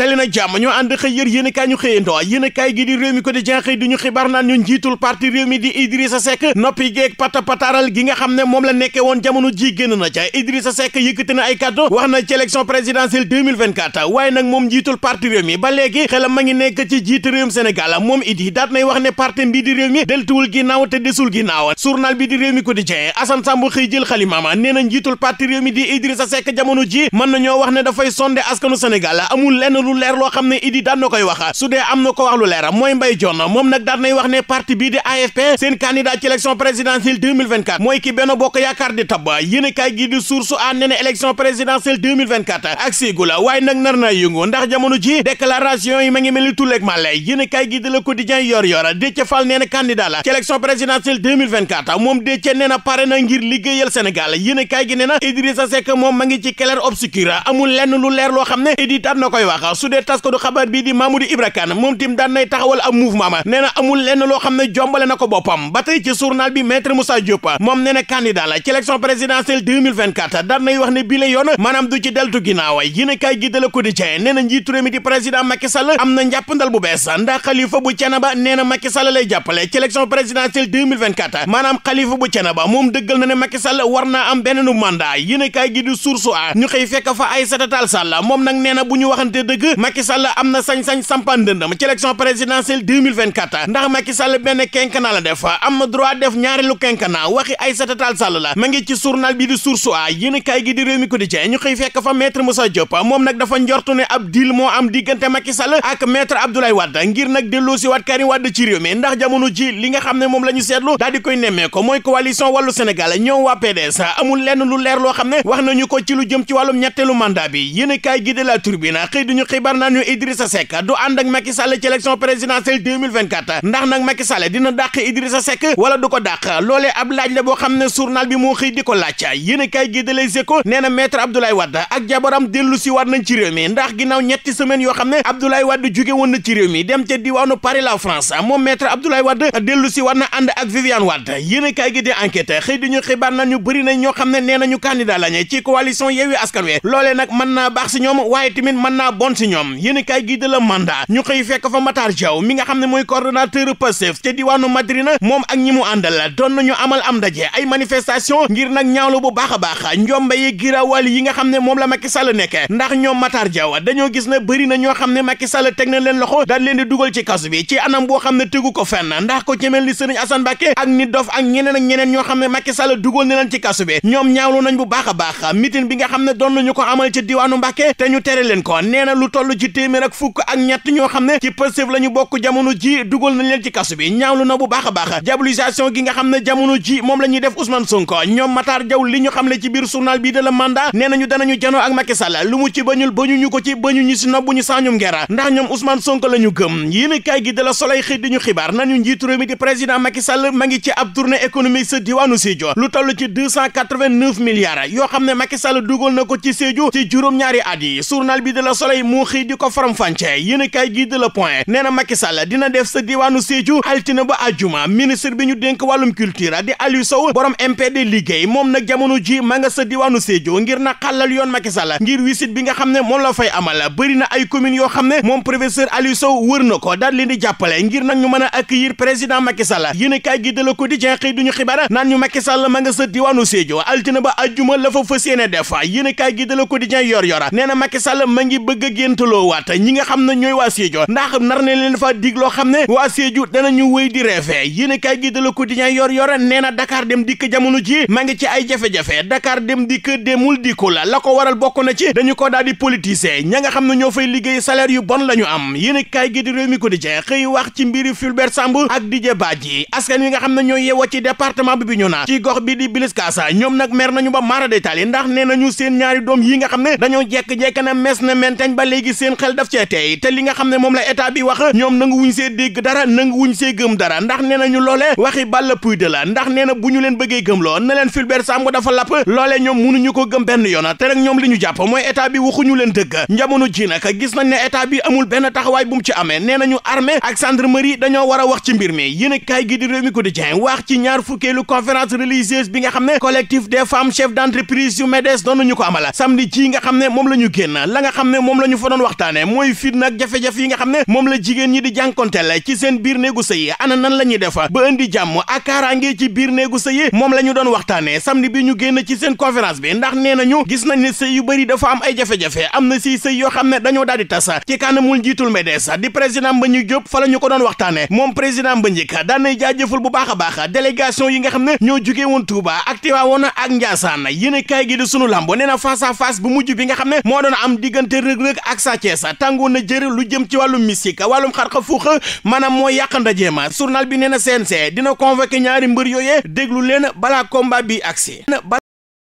tali na jàmm ñoo ànd xëy yër yéen ñu xëyandoo yéen gi di réew mi ko di jenxëy di xibaar naan ñu njiitul parti réew mi di Idrissa Seck noppi géeg moom la nekkee woon jamono ji génn na wax na ci élection présidentielle 2024 waaye nag moom njiitul parti réew mi ba léegi xelam ma ngi moom Idi wax ne parti mbii di réew mi deltuwul ginnaaw te desul bi di réew mi ko di jen Assane Samb xëy jël xalimaama na njiitul parti réew mi di Idrissa Seck jamono ji mën na ñoo wax ne dafay sonde askanu Sénégal amul lenn lu leer loo xam ne Idi daan na koy wax su dee am na wax lu leer mooy Mbaye Dione moom nag daan nay wax ne parti bii di AFP seen candidat ci élection présidentielle mooy ki Benno Bokk Yaakaar di tabb yéenekaay gi di Source A nee na élection présidentielle 2024 ak siigu la waaye nag nar naa yëngu ndax jamono ji déclaration yi ma ngi mel ni tulleeg màlle yéenekaay gi di Le Quotidien yor yor Déthié Fall nee na candidat la ci élection présidentielle moom Déthié nee na pare na lu leer loo xam ne Idi daan na koy su dee tas ko du xabaar bii di Mamadou Ibra Kane moom tim daan nay taxawal am mouvement ma amul lenn loo xam ne jombale na ko boppam ba tey ci journal bi maître Moussa Diop moom nee na candidat la ci élection présidentielle 2024 daan wax ne bii la yoon maanaam du ci deltu ginnaaw yéen a kaay gi dala ko di cee nee na njiitu réew mi di président Macky Sall am na njàppandal bu bu Thiénaba nee xalifa bu Thiénaba moom dëggal na am benn nu mandat yéen a kaay gi dëgg Macky Sall am na sañ-sañ sampan dëndam ci élection présidentielle 2024 ndax Macky Sall benn quinquennat la def am na droit def ñaareelu quinquennat waxi Aïssata Tall Sall la ma ngi ci journal bi di Source A yéen kaay gi di Rewmi ñu xëy fekk fa maître Moussa Diop moom nag dafa njortu ne ab deal moo am diggante Macky Sall ak maître Abdoulaye Wade ngir nag delloo si waat Karim ci réew mi ndax jamono ji li nga xam ne moom la ñu seetlu lu leer loo xibaar naan ñu Idrissa Seck du ànd ak Macky Sall ci élection présidentielle 2024 ndax nag Macky Sall dina dàq Idrissa Seck wala du ko dàq loolee ab laaj la boo xam ne journal bi moo xëy ko laaj yéen a kaay gi de Les Échos nee na maître ak jabaram dellu si waat nañ ci réew mi ndax ginnaaw ñetti semaines yoo xam ne Abdoulaye Wade jóge woon na ci mi dem ca diwaanu Paris la France moom maître Abdoulaye Wade dellu si waat na ànd ak Viviane Wade yéen a kaay ñoo xam ne nee nañu candidat lañu ci coalition Yewwi Askan Wi loolee ci ñoom yéen kaay gi de la mandat ñu xëy fekk a Matar Diaw mi nga xam ne mooy coordonnateur Pastef ca diwaanu Madrina moom ak ñi mu àndal doon ñu amal am daje ay manifestation ngir nag ñaawlu bu baax a baax njombe a giraawal yi nga xam ne moom la Macky Sall nekke ndax ñoom Matar Diaw dañoo gis ne bëri na ñoo xam ne Macky Sall teg ne leen loxo daal leen di dugal ci kaso bi ci anam boo xam ne tegu ko fenn ndax ko ci mel ni Serigne Assane Mbacké ak ni dof a ñeneen ak ñeneen ñoo xam ne Macky Sall dugal na leen ci kaso bi ñoom ñaawlu nañ bu baax a baax mitin bi nga xam ne doon nañu ko amal ci diwaanu Mbacké te ñu tere leen ko tollu ci téeméer ak fukk ak ñett ñoo xam ne ci Pastef la ñu bokk jamono ji dugal nañ leen ci kasu bi ñaawlu na bu baax a baax gi nga xam ne jamono ji moom la ñuy def Ousmane Sonko ñoom Matar Diaw li ñu xam ne ci biir journal bii de la mandat nee nañu danañu jano ak Macky Sall lu mu ci bañul bañuñu ko ci bañu ñu si bu ñu saañum ngera ndax ñoom Ousmane Sonko la ñu gëm ne kaay gi de la Soleil xëy ñu xibaar nañu njiitu réew mi di président Macky Sall ma ngi ci ab tournée économique sa diwaanu lu toll ci 289 milliards yoo xam ne Macky Sall dugal na ko ci juróom-ñaari at yi journal bi de la Soleil moo xëy di ko faram-fànce yéen a kaay gii de la point nee na Macky Sall dina def sa diwaanu Sédhiou altine ba àjjuma ministre bi ñu dénk wàllum culture di Aliou Sow borom moom nag jamono ji ma nga sa diwaanu Sédhiou ngir na xàllal yoon Macky ngir wisit bi nga xam ne moom la fay amal bëri ay communes yoo xam ne moom professeur Aliou Sow wër na ko daal leen di jàppale ngir nag ñu mën a accueillir président Macky Sall yéen a kaay gii de la quotidien xëy duñu xibaar ñu ma nga sa diwaanu Sédhiou altine ba àjjuma la a géntaloo waat ñi nga xam ne ñooy waa Sédhiou ndax nar ne leen faa dig loo xam ne waa Sédhiou danañu wéy di reefee yéen kay gi de Le Quotidien yor yor nee na Dakar dem dikk jamono ji ma ngi ci ay jafe-jafe Dakar dem dikk demul dikku la la ko waral bokk na ci dañu ko daal di politiser ña nga xam ne ñoo fay liggéey salaire yu bon la am yéen kay gi di ci mbiri Fulbert Sambou ak Didier Badji askan wi nga xam ne ñoo yeewoo ci département bi bi ñu naa ci gox bi di Bilis Kassa ñoom nag mer nañu ba mara détaillé ndax nee nañu seen ñaari doom yi nga xam ne dañoo jekk-jekk na mes na menteñ ba léegi léegi seen xel daf cee tey te li nga xam ne moom la état bi wax ñoom nangu see dégg dara nangu see gëm dara ndax nee nañu loole waxi bàll puy de la ndax nee na bu ñu leen bëggee gëm loo na leen Fulbert Sambou dafa lapp loole ñoom mënuñu ko gëm benn yoon te ñoom li ñu jàpp mooy état bi waxuñu leen dëgg njamono ji nag gis nañ ne état bi amul benn taxawaay bu ci amee nee nañu armée ak gendarmerie dañoo war wax ci mbir mi yéen a kaay doon waxtaane mooy fitna ak jafe yi nga xam ne moom la jigéen ñi di jànkonteel ci seen biir néegu sëy ana nan la ñuy def ba di jàmm ak kaaraange ci biir néegu sëy moom la ñu doon waxtaane sam samedi bi ñu génn ci seen conférence bi ndax nee nañu gis nañ ne sëy yu bëri dafa am ay jafe-jafe am na si sëy yoo xam ne dañoo daal di tas ci kanamul njiitul MEDES di président Mbagnick Diop fa la ñu ko doon waxtaane moom président Mbagnick daan nay jaajëfal bu baax a baax délégation yi nga xam ne ñoo jugee woon Touba ak Tivaouane ak Ndiassane yéen kaay gi di sunu lambo nee na face à bu mujj bi nga xam ne moo doon am diggante Reug ak Sa Thiès tàngoon na jër lu jëm ci wàllum mystique xa xarxa fuuxa maanaam moo yàq ndaje surnal journal bi nee na dina convoqué ñaari mbër yooyee déglu leen balaa combat bi agsi